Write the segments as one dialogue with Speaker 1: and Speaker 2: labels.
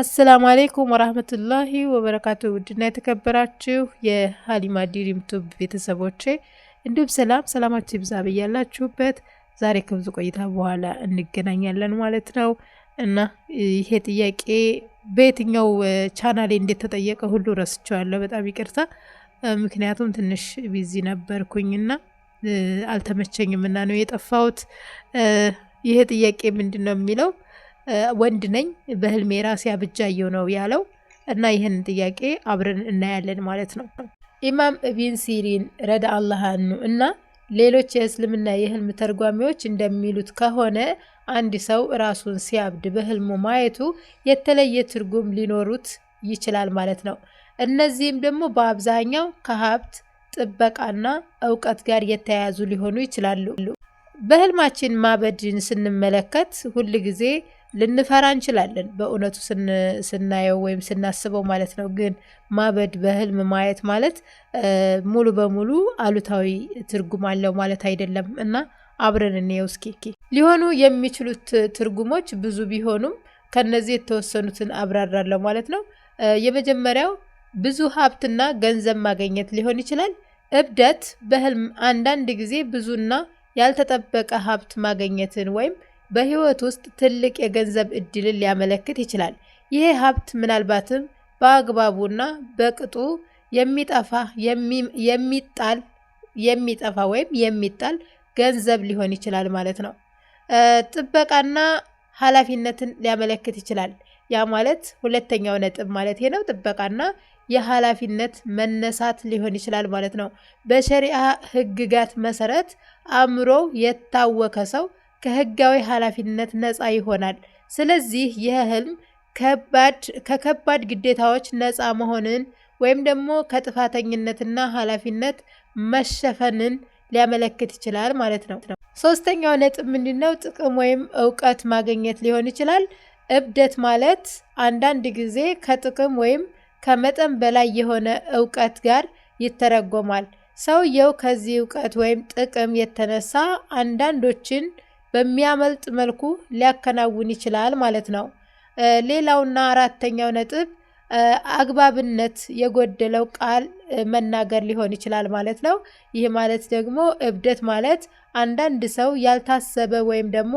Speaker 1: አሰላሙ አሌይኩም ወራህመቱላሂ ወበረካቱ። ውድና የተከበራችሁ የሀሊማ ዲሪም ቱብ ቤተሰቦቼ እንዲሁም ሰላም ሰላማችሁ ይብዛ ብያላችሁበት። ዛሬ ከብዙ ቆይታ በኋላ እንገናኛለን ማለት ነው እና ይሄ ጥያቄ በየትኛው ቻናሌ እንደተጠየቀ ሁሉ ረስቸዋለሁ። በጣም ይቅርታ፣ ምክንያቱም ትንሽ ቢዚ ነበርኩኝና አልተመቸኝምና ነው የጠፋሁት። ይሄ ጥያቄ ምንድን ነው የሚለው ወንድ ነኝ በህልሜ ራሴ አብጃየው ነው ያለው እና ይህንን ጥያቄ አብረን እናያለን ማለት ነው። ኢማም ኢብን ሲሪን ረዳ አላህ አንሁ እና ሌሎች የእስልምና የህልም ተርጓሚዎች እንደሚሉት ከሆነ አንድ ሰው ራሱን ሲያብድ በህልሙ ማየቱ የተለየ ትርጉም ሊኖሩት ይችላል ማለት ነው። እነዚህም ደግሞ በአብዛኛው ከሀብት ጥበቃና እውቀት ጋር የተያያዙ ሊሆኑ ይችላሉ። በህልማችን ማበድን ስንመለከት ሁል ጊዜ ልንፈራ እንችላለን፣ በእውነቱ ስናየው ወይም ስናስበው ማለት ነው። ግን ማበድ በህልም ማየት ማለት ሙሉ በሙሉ አሉታዊ ትርጉም አለው ማለት አይደለም እና አብረን እንየው እስኪ። ሊሆኑ የሚችሉት ትርጉሞች ብዙ ቢሆኑም ከነዚህ የተወሰኑትን አብራራለሁ ማለት ነው። የመጀመሪያው ብዙ ሀብትና ገንዘብ ማግኘት ሊሆን ይችላል። እብደት በህልም አንዳንድ ጊዜ ብዙና ያልተጠበቀ ሀብት ማግኘትን ወይም በህይወት ውስጥ ትልቅ የገንዘብ እድልን ሊያመለክት ይችላል። ይህ ሀብት ምናልባትም በአግባቡና በቅጡ የሚጠፋ የሚጣል የሚጠፋ ወይም የሚጣል ገንዘብ ሊሆን ይችላል ማለት ነው። ጥበቃና ኃላፊነትን ሊያመለክት ይችላል። ያ ማለት ሁለተኛው ነጥብ ማለት ነው። ጥበቃና የኃላፊነት መነሳት ሊሆን ይችላል ማለት ነው። በሸሪአ ህግጋት መሰረት አእምሮ የታወከ ሰው ከህጋዊ ኃላፊነት ነፃ ይሆናል። ስለዚህ ይህ ህልም ከከባድ ግዴታዎች ነፃ መሆንን ወይም ደግሞ ከጥፋተኝነትና ኃላፊነት መሸፈንን ሊያመለክት ይችላል ማለት ነው። ሶስተኛው ነጥብ ምንድነው? ጥቅም ወይም እውቀት ማግኘት ሊሆን ይችላል። እብደት ማለት አንዳንድ ጊዜ ከጥቅም ወይም ከመጠን በላይ የሆነ እውቀት ጋር ይተረጎማል። ሰውየው ከዚህ እውቀት ወይም ጥቅም የተነሳ አንዳንዶችን በሚያመልጥ መልኩ ሊያከናውን ይችላል ማለት ነው። ሌላውና አራተኛው ነጥብ አግባብነት የጎደለው ቃል መናገር ሊሆን ይችላል ማለት ነው። ይህ ማለት ደግሞ እብደት ማለት አንዳንድ ሰው ያልታሰበ ወይም ደግሞ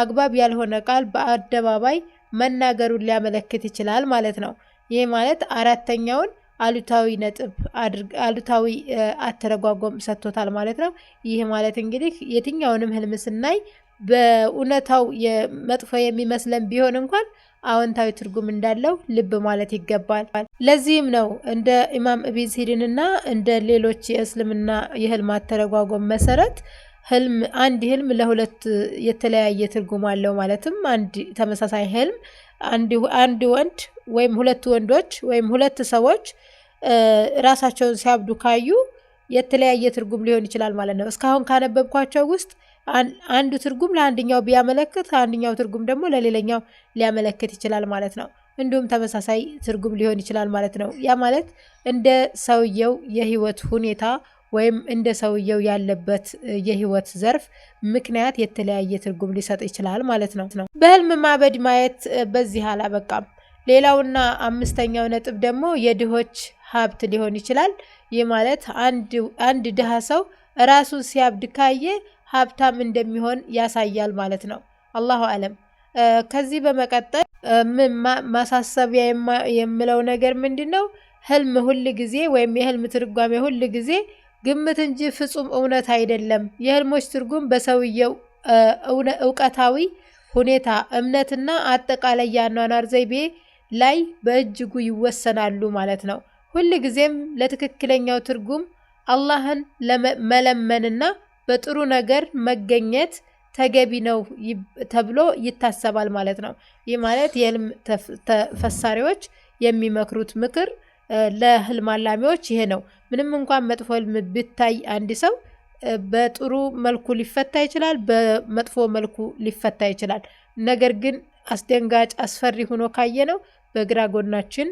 Speaker 1: አግባብ ያልሆነ ቃል በአደባባይ መናገሩን ሊያመለክት ይችላል ማለት ነው። ይህ ማለት አራተኛውን አሉታዊ ነጥብ አሉታዊ አተረጓጎም ሰጥቶታል ማለት ነው። ይህ ማለት እንግዲህ የትኛውንም ህልም ስናይ በእውነታው መጥፎ የሚመስለን ቢሆን እንኳን አዎንታዊ ትርጉም እንዳለው ልብ ማለት ይገባል። ለዚህም ነው እንደ ኢማም ኢብን ሲሪንና እንደ ሌሎች የእስልምና የህልማት ተረጓጎም መሰረት ህልም አንድ ህልም ለሁለት የተለያየ ትርጉም አለው። ማለትም አንድ ተመሳሳይ ህልም አንድ ወንድ ወይም ሁለት ወንዶች ወይም ሁለት ሰዎች ራሳቸውን ሲያብዱ ካዩ የተለያየ ትርጉም ሊሆን ይችላል ማለት ነው። እስካሁን ካነበብኳቸው ውስጥ አንዱ ትርጉም ለአንደኛው ቢያመለክት አንደኛው ትርጉም ደግሞ ለሌላኛው ሊያመለክት ይችላል ማለት ነው። እንዲሁም ተመሳሳይ ትርጉም ሊሆን ይችላል ማለት ነው። ያ ማለት እንደ ሰውየው የህይወት ሁኔታ ወይም እንደ ሰውየው ያለበት የህይወት ዘርፍ ምክንያት የተለያየ ትርጉም ሊሰጥ ይችላል ማለት ነው። በህልም ማበድ ማየት በዚህ አላበቃም። ሌላውና አምስተኛው ነጥብ ደግሞ የድሆች ሀብት ሊሆን ይችላል። ይህ ማለት አንድ ድሃ ሰው ራሱን ሲያብድ ካየ ሀብታም እንደሚሆን ያሳያል ማለት ነው። አላሁ አለም። ከዚህ በመቀጠል ማሳሰቢያ የምለው ነገር ምንድን ነው? ህልም ሁል ጊዜ ወይም የህልም ትርጓሜ ሁል ጊዜ ግምት እንጂ ፍጹም እውነት አይደለም። የህልሞች ትርጉም በሰውየው እውቀታዊ ሁኔታ፣ እምነትና አጠቃላይ የአኗኗር ዘይቤ ላይ በእጅጉ ይወሰናሉ ማለት ነው። ሁል ጊዜም ለትክክለኛው ትርጉም አላህን መለመንና በጥሩ ነገር መገኘት ተገቢ ነው ተብሎ ይታሰባል ማለት ነው። ይህ ማለት የህልም ተፈሳሪዎች የሚመክሩት ምክር ለህልም አላሚዎች ይሄ ነው። ምንም እንኳን መጥፎ ህልም ቢታይ አንድ ሰው በጥሩ መልኩ ሊፈታ ይችላል፣ በመጥፎ መልኩ ሊፈታ ይችላል። ነገር ግን አስደንጋጭ አስፈሪ ሆኖ ካየ ነው በግራ ጎናችን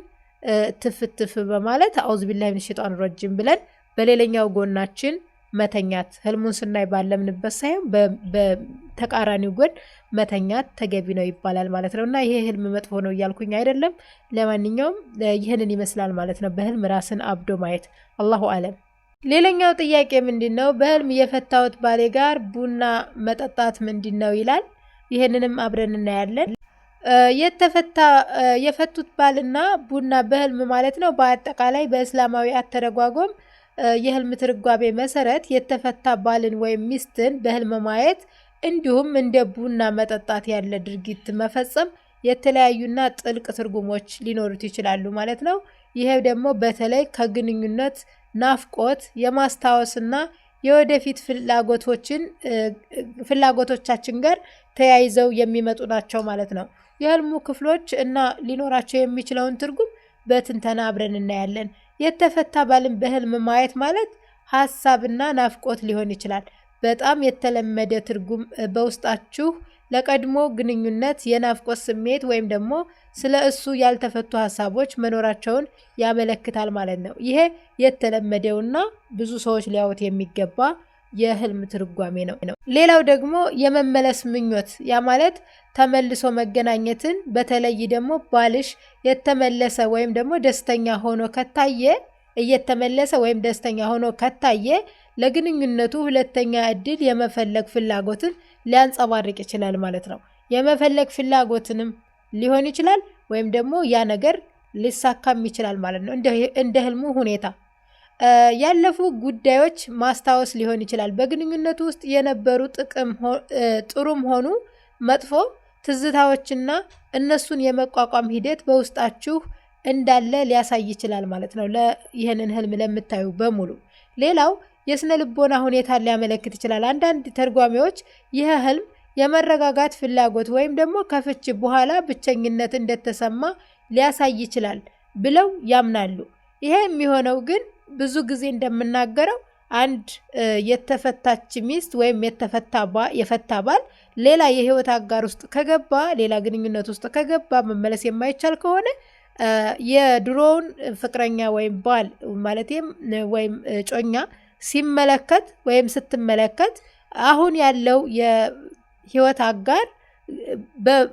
Speaker 1: ትፍትፍ በማለት አውዝ ቢላሂ ረጅም ብለን በሌላኛው ጎናችን መተኛት ህልሙን ስናይ ባለምንበት ሳይሆን በተቃራኒው ጎን መተኛት ተገቢ ነው ይባላል ማለት ነው። እና ይሄ ህልም መጥፎ ነው እያልኩኝ አይደለም። ለማንኛውም ይህንን ይመስላል ማለት ነው፣ በህልም ራስን አብዶ ማየት። አላሁ አለም። ሌላኛው ጥያቄ ምንድን ነው? በህልም የፈታሁት ባሌ ጋር ቡና መጠጣት ምንድን ነው ይላል። ይህንንም አብረን እናያለን። የተፈታ የፈቱት ባልና ቡና በህልም ማለት ነው። በአጠቃላይ በእስላማዊ አተረጓጎም የህልም ትርጓሜ መሰረት የተፈታ ባልን ወይም ሚስትን በህልም ማየት እንዲሁም እንደ ቡና መጠጣት ያለ ድርጊት መፈጸም የተለያዩና ጥልቅ ትርጉሞች ሊኖሩት ይችላሉ ማለት ነው። ይሄ ደግሞ በተለይ ከግንኙነት ናፍቆት፣ የማስታወስና የወደፊት ፍላጎቶችን ፍላጎቶቻችን ጋር ተያይዘው የሚመጡ ናቸው ማለት ነው። የህልሙ ክፍሎች እና ሊኖራቸው የሚችለውን ትርጉም በትንተና አብረን እናያለን። የተፈታ ባልን በህልም ማየት ማለት ሀሳብና ናፍቆት ሊሆን ይችላል። በጣም የተለመደ ትርጉም በውስጣችሁ ለቀድሞ ግንኙነት የናፍቆት ስሜት ወይም ደግሞ ስለ እሱ ያልተፈቱ ሀሳቦች መኖራቸውን ያመለክታል ማለት ነው። ይሄ የተለመደውና ብዙ ሰዎች ሊያዩት የሚገባ የህልም ትርጓሜ ነው ነው። ሌላው ደግሞ የመመለስ ምኞት፣ ያ ማለት ተመልሶ መገናኘትን በተለይ ደግሞ ባልሽ የተመለሰ ወይም ደግሞ ደስተኛ ሆኖ ከታየ እየተመለሰ ወይም ደስተኛ ሆኖ ከታየ ለግንኙነቱ ሁለተኛ እድል የመፈለግ ፍላጎትን ሊያንጸባርቅ ይችላል ማለት ነው። የመፈለግ ፍላጎትንም ሊሆን ይችላል ወይም ደግሞ ያ ነገር ሊሳካም ይችላል ማለት ነው እንደ ህልሙ ሁኔታ ያለፉ ጉዳዮች ማስታወስ ሊሆን ይችላል። በግንኙነቱ ውስጥ የነበሩ ጥቅም ጥሩም ሆኑ መጥፎ ትዝታዎችና እነሱን የመቋቋም ሂደት በውስጣችሁ እንዳለ ሊያሳይ ይችላል ማለት ነው። ይህንን ህልም ለምታዩ በሙሉ ሌላው የስነ ልቦና ሁኔታን ሊያመለክት ይችላል። አንዳንድ ተርጓሚዎች ይህ ህልም የመረጋጋት ፍላጎት ወይም ደግሞ ከፍች በኋላ ብቸኝነት እንደተሰማ ሊያሳይ ይችላል ብለው ያምናሉ። ይሄ የሚሆነው ግን ብዙ ጊዜ እንደምናገረው አንድ የተፈታች ሚስት ወይም የፈታ ባል ሌላ የህይወት አጋር ውስጥ ከገባ ሌላ ግንኙነት ውስጥ ከገባ መመለስ የማይቻል ከሆነ የድሮውን ፍቅረኛ ወይም ባል ማለትም ወይም ጮኛ ሲመለከት ወይም ስትመለከት አሁን ያለው የህይወት አጋር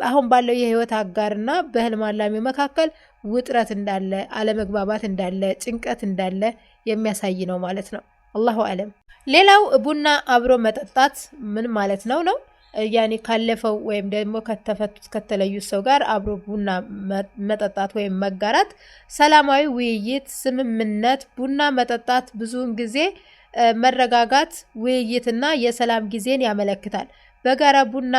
Speaker 1: አሁን ባለው የህይወት አጋርና በህልም አላሚ መካከል ውጥረት እንዳለ፣ አለመግባባት እንዳለ፣ ጭንቀት እንዳለ የሚያሳይ ነው ማለት ነው። አላሁ አለም። ሌላው ቡና አብሮ መጠጣት ምን ማለት ነው ነው ያኔ ካለፈው ወይም ደግሞ ከተፈቱት ከተለዩት ሰው ጋር አብሮ ቡና መጠጣት ወይም መጋራት፣ ሰላማዊ ውይይት፣ ስምምነት። ቡና መጠጣት ብዙውን ጊዜ መረጋጋት፣ ውይይትና የሰላም ጊዜን ያመለክታል። በጋራ ቡና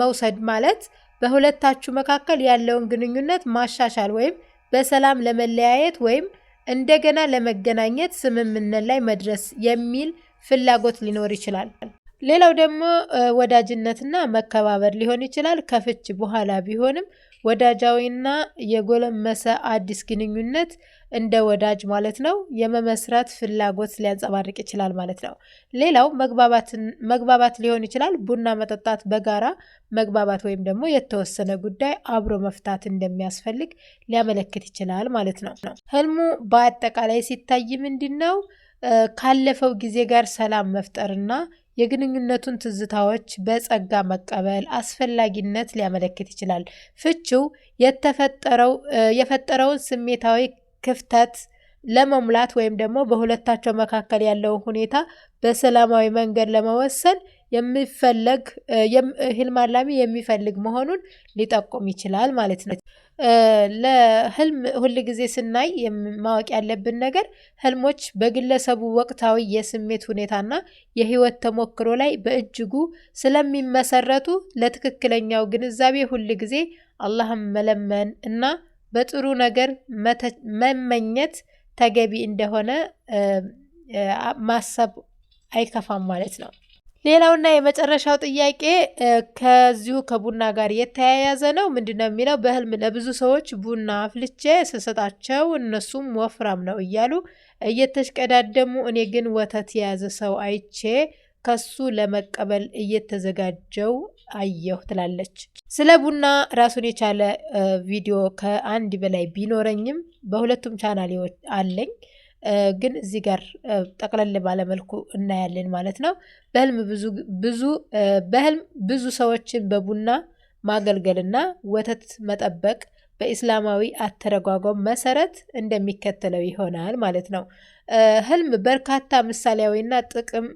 Speaker 1: መውሰድ ማለት በሁለታችሁ መካከል ያለውን ግንኙነት ማሻሻል ወይም በሰላም ለመለያየት ወይም እንደገና ለመገናኘት ስምምነት ላይ መድረስ የሚል ፍላጎት ሊኖር ይችላል። ሌላው ደግሞ ወዳጅነትና መከባበር ሊሆን ይችላል። ከፍች በኋላ ቢሆንም ወዳጃዊና የጎለመሰ አዲስ ግንኙነት እንደ ወዳጅ ማለት ነው የመመስረት ፍላጎት ሊያንጸባርቅ ይችላል ማለት ነው። ሌላው መግባባት ሊሆን ይችላል። ቡና መጠጣት በጋራ መግባባት ወይም ደግሞ የተወሰነ ጉዳይ አብሮ መፍታት እንደሚያስፈልግ ሊያመለክት ይችላል ማለት ነው። ህልሙ በአጠቃላይ ሲታይ ምንድን ነው? ካለፈው ጊዜ ጋር ሰላም መፍጠርና የግንኙነቱን ትዝታዎች በጸጋ መቀበል አስፈላጊነት ሊያመለክት ይችላል። ፍቺው የፈጠረውን ስሜታዊ ክፍተት ለመሙላት ወይም ደግሞ በሁለታቸው መካከል ያለውን ሁኔታ በሰላማዊ መንገድ ለመወሰን የሚፈለግ ህልም አላሚ የሚፈልግ መሆኑን ሊጠቁም ይችላል ማለት ነው። ለህልም ሁል ጊዜ ስናይ ማወቅ ያለብን ነገር ህልሞች በግለሰቡ ወቅታዊ የስሜት ሁኔታና የህይወት ተሞክሮ ላይ በእጅጉ ስለሚመሰረቱ ለትክክለኛው ግንዛቤ ሁል ጊዜ አላህን መለመን እና በጥሩ ነገር መመኘት ተገቢ እንደሆነ ማሰብ አይከፋም ማለት ነው። ሌላውና የመጨረሻው ጥያቄ ከዚሁ ከቡና ጋር የተያያዘ ነው። ምንድን ነው የሚለው? በህልም ለብዙ ሰዎች ቡና አፍልቼ ስሰጣቸው እነሱም ወፍራም ነው እያሉ እየተሽቀዳደሙ፣ እኔ ግን ወተት የያዘ ሰው አይቼ ከሱ ለመቀበል እየተዘጋጀው አየሁ ትላለች። ስለ ቡና ራሱን የቻለ ቪዲዮ ከአንድ በላይ ቢኖረኝም በሁለቱም ቻናሌዎች አለኝ። ግን እዚህ ጋር ጠቅለል ባለመልኩ እናያለን ማለት ነው። በህልም ብዙ በህልም ብዙ ሰዎችን በቡና ማገልገልና ወተት መጠበቅ በኢስላማዊ አተረጓጓም መሰረት እንደሚከተለው ይሆናል ማለት ነው። ህልም በርካታ ምሳሌያዊና ጥቅም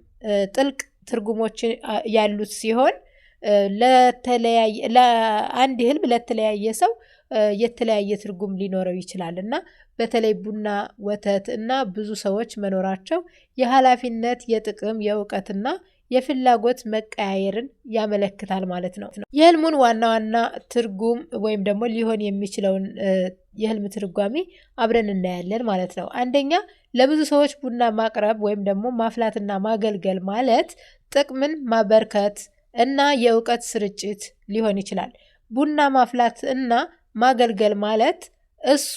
Speaker 1: ጥልቅ ትርጉሞችን ያሉት ሲሆን ለተለያየ ለአንድ ህልም ለተለያየ ሰው የተለያየ ትርጉም ሊኖረው ይችላል እና በተለይ ቡና፣ ወተት እና ብዙ ሰዎች መኖራቸው የኃላፊነት፣ የጥቅም፣ የእውቀትና የፍላጎት መቀያየርን ያመለክታል ማለት ነው። የህልሙን ዋና ዋና ትርጉም ወይም ደግሞ ሊሆን የሚችለውን የህልም ትርጓሜ አብረን እናያለን ማለት ነው። አንደኛ ለብዙ ሰዎች ቡና ማቅረብ ወይም ደግሞ ማፍላትና ማገልገል ማለት ጥቅምን ማበርከት እና የእውቀት ስርጭት ሊሆን ይችላል። ቡና ማፍላት እና ማገልገል ማለት እሱ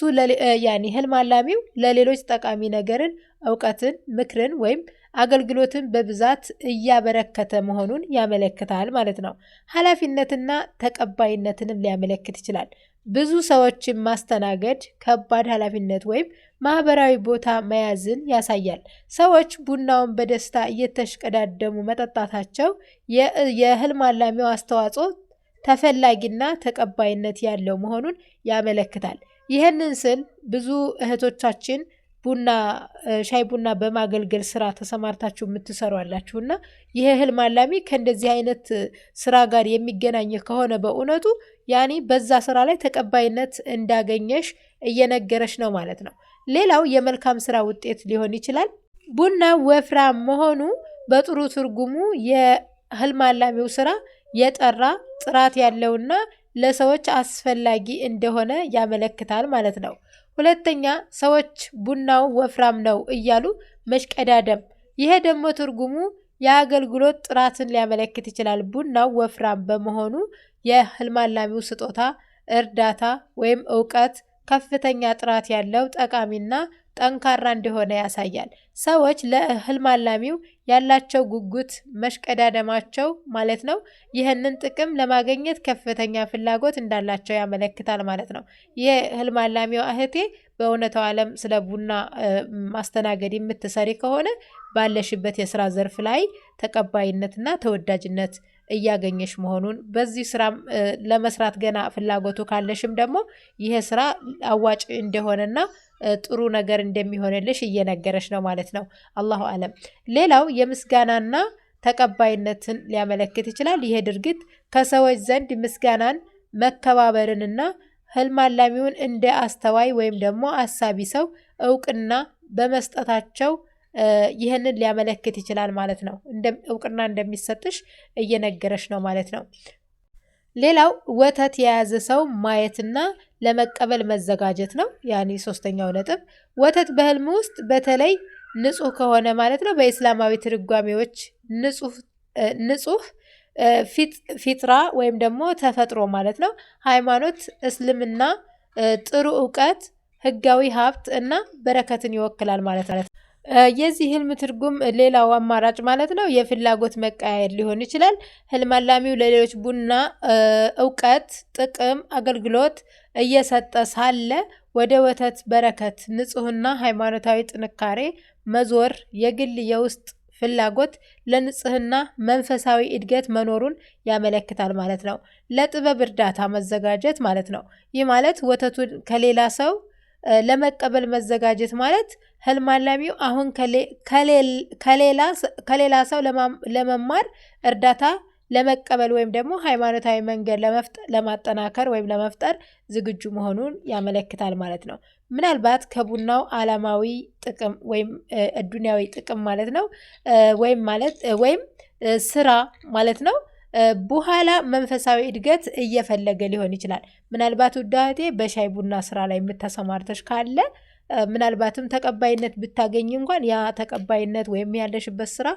Speaker 1: ያኔ ህልም አላሚው ለሌሎች ጠቃሚ ነገርን፣ እውቀትን፣ ምክርን ወይም አገልግሎትን በብዛት እያበረከተ መሆኑን ያመለክታል ማለት ነው። ኃላፊነትና ተቀባይነትንም ሊያመለክት ይችላል። ብዙ ሰዎችን ማስተናገድ ከባድ ኃላፊነት ወይም ማህበራዊ ቦታ መያዝን ያሳያል። ሰዎች ቡናውን በደስታ እየተሽቀዳደሙ መጠጣታቸው የህልም አላሚው አስተዋጽኦ ተፈላጊና ተቀባይነት ያለው መሆኑን ያመለክታል። ይህንን ስል ብዙ እህቶቻችን ቡና ሻይ ቡና በማገልገል ስራ ተሰማርታችሁ የምትሰሩ አላችሁ እና ይህ ህልም አላሚ ከእንደዚህ አይነት ስራ ጋር የሚገናኝ ከሆነ በእውነቱ ያኔ በዛ ስራ ላይ ተቀባይነት እንዳገኘሽ እየነገረሽ ነው ማለት ነው። ሌላው የመልካም ስራ ውጤት ሊሆን ይችላል። ቡና ወፍራም መሆኑ በጥሩ ትርጉሙ የህልም አላሚው ስራ የጠራ ጥራት ያለውና ለሰዎች አስፈላጊ እንደሆነ ያመለክታል ማለት ነው። ሁለተኛ ሰዎች ቡናው ወፍራም ነው እያሉ መሽቀዳደም። ይሄ ደግሞ ትርጉሙ የአገልግሎት ጥራትን ሊያመለክት ይችላል። ቡናው ወፍራም በመሆኑ የህልማላሚው ስጦታ፣ እርዳታ ወይም እውቀት ከፍተኛ ጥራት ያለው ጠቃሚና ጠንካራ እንደሆነ ያሳያል። ሰዎች ለህልም አላሚው ያላቸው ጉጉት መሽቀዳደማቸው ማለት ነው ይህንን ጥቅም ለማግኘት ከፍተኛ ፍላጎት እንዳላቸው ያመለክታል ማለት ነው። ይህ ህልም አላሚዋ እህቴ በእውነተው ዓለም ስለ ቡና ማስተናገድ የምትሰሪ ከሆነ ባለሽበት የስራ ዘርፍ ላይ ተቀባይነትና ተወዳጅነት እያገኘሽ መሆኑን በዚህ ስራ ለመስራት ገና ፍላጎቱ ካለሽም ደግሞ ይሄ ስራ አዋጭ እንደሆነና ጥሩ ነገር እንደሚሆንልሽ እየነገረች ነው ማለት ነው። አላሁ አለም። ሌላው የምስጋናና ተቀባይነትን ሊያመለክት ይችላል። ይሄ ድርጊት ከሰዎች ዘንድ ምስጋናን፣ መከባበርንና ህልም አላሚውን እንደ አስተዋይ ወይም ደግሞ አሳቢ ሰው እውቅና በመስጠታቸው ይህንን ሊያመለክት ይችላል ማለት ነው። እውቅና እንደሚሰጥሽ እየነገረሽ ነው ማለት ነው። ሌላው ወተት የያዘ ሰው ማየትና ለመቀበል መዘጋጀት ነው። ያኔ ሶስተኛው ነጥብ ወተት በህልም ውስጥ በተለይ ንጹህ ከሆነ ማለት ነው። በኢስላማዊ ትርጓሜዎች ንጹህ ፊጥራ ወይም ደግሞ ተፈጥሮ ማለት ነው። ሃይማኖት፣ እስልምና ጥሩ እውቀት፣ ህጋዊ ሀብት እና በረከትን ይወክላል ማለት ነው። የዚህ ህልም ትርጉም ሌላው አማራጭ ማለት ነው የፍላጎት መቀያየር ሊሆን ይችላል። ህልም አላሚው ለሌሎች ቡና እውቀት፣ ጥቅም፣ አገልግሎት እየሰጠ ሳለ ወደ ወተት በረከት፣ ንጹህና ሃይማኖታዊ ጥንካሬ መዞር የግል የውስጥ ፍላጎት ለንጽህና መንፈሳዊ እድገት መኖሩን ያመለክታል ማለት ነው። ለጥበብ እርዳታ መዘጋጀት ማለት ነው። ይህ ማለት ወተቱን ከሌላ ሰው ለመቀበል መዘጋጀት ማለት ህልም አላሚው አሁን ከሌላ ሰው ለመማር እርዳታ ለመቀበል ወይም ደግሞ ሃይማኖታዊ መንገድ ለማጠናከር ወይም ለመፍጠር ዝግጁ መሆኑን ያመለክታል ማለት ነው። ምናልባት ከቡናው ዓላማዊ ጥቅም ወይም እዱንያዊ ጥቅም ማለት ነው ወይም ማለት ወይም ስራ ማለት ነው በኋላ መንፈሳዊ እድገት እየፈለገ ሊሆን ይችላል። ምናልባት ውዳቴ በሻይ ቡና ስራ ላይ የምተሰማርተሽ ካለ ምናልባትም ተቀባይነት ብታገኝ እንኳን ያ ተቀባይነት ወይም ያለሽበት ስራ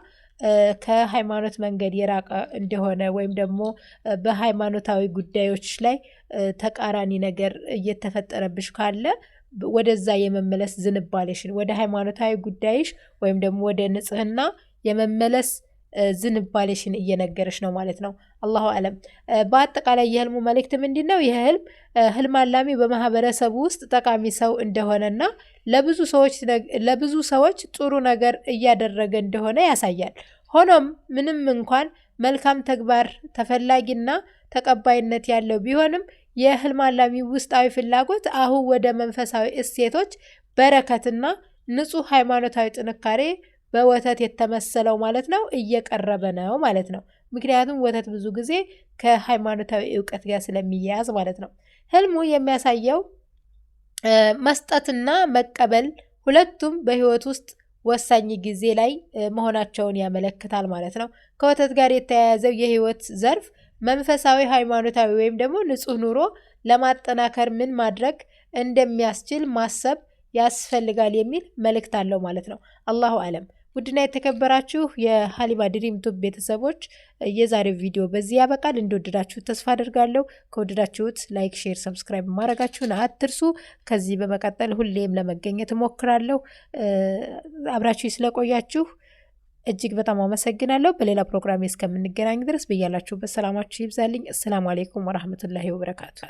Speaker 1: ከሃይማኖት መንገድ የራቀ እንደሆነ ወይም ደግሞ በሃይማኖታዊ ጉዳዮች ላይ ተቃራኒ ነገር እየተፈጠረብሽ ካለ ወደዛ የመመለስ ዝንባሌሽን ወደ ሃይማኖታዊ ጉዳይሽ ወይም ደግሞ ወደ ንጽህና የመመለስ ዝንባሌሽን እየነገረች ነው ማለት ነው። አላሁ አለም። በአጠቃላይ የህልሙ መልእክት ምንድን ነው? ይህ ህልም ህልም አላሚ በማህበረሰቡ ውስጥ ጠቃሚ ሰው እንደሆነና ለብዙ ሰዎች ጥሩ ነገር እያደረገ እንደሆነ ያሳያል። ሆኖም ምንም እንኳን መልካም ተግባር ተፈላጊና ተቀባይነት ያለው ቢሆንም የህልም አላሚ ውስጣዊ ፍላጎት አሁን ወደ መንፈሳዊ እሴቶች በረከትና ንጹህ ሃይማኖታዊ ጥንካሬ በወተት የተመሰለው ማለት ነው እየቀረበ ነው ማለት ነው። ምክንያቱም ወተት ብዙ ጊዜ ከሃይማኖታዊ እውቀት ጋር ስለሚያያዝ ማለት ነው። ህልሙ የሚያሳየው መስጠትና መቀበል ሁለቱም በህይወት ውስጥ ወሳኝ ጊዜ ላይ መሆናቸውን ያመለክታል ማለት ነው። ከወተት ጋር የተያያዘው የህይወት ዘርፍ መንፈሳዊ፣ ሃይማኖታዊ ወይም ደግሞ ንጹህ ኑሮ ለማጠናከር ምን ማድረግ እንደሚያስችል ማሰብ ያስፈልጋል የሚል መልእክት አለው ማለት ነው። አላሁ አለም። ውድና የተከበራችሁ የሀሊማ ድሪም ቱብ ቤተሰቦች የዛሬው ቪዲዮ በዚህ ያበቃል። እንደወደዳችሁት ተስፋ አድርጋለሁ። ከወደዳችሁት ላይክ፣ ሼር፣ ሰብስክራይብ ማድረጋችሁን አትርሱ። ከዚህ በመቀጠል ሁሌም ለመገኘት እሞክራለሁ። አብራችሁ ስለቆያችሁ እጅግ በጣም አመሰግናለሁ። በሌላ ፕሮግራሜ እስከምንገናኝ ድረስ በያላችሁበት ሰላማችሁ ይብዛልኝ። አሰላሙ አሌይኩም ወረህመቱላሂ ወበረካቱ።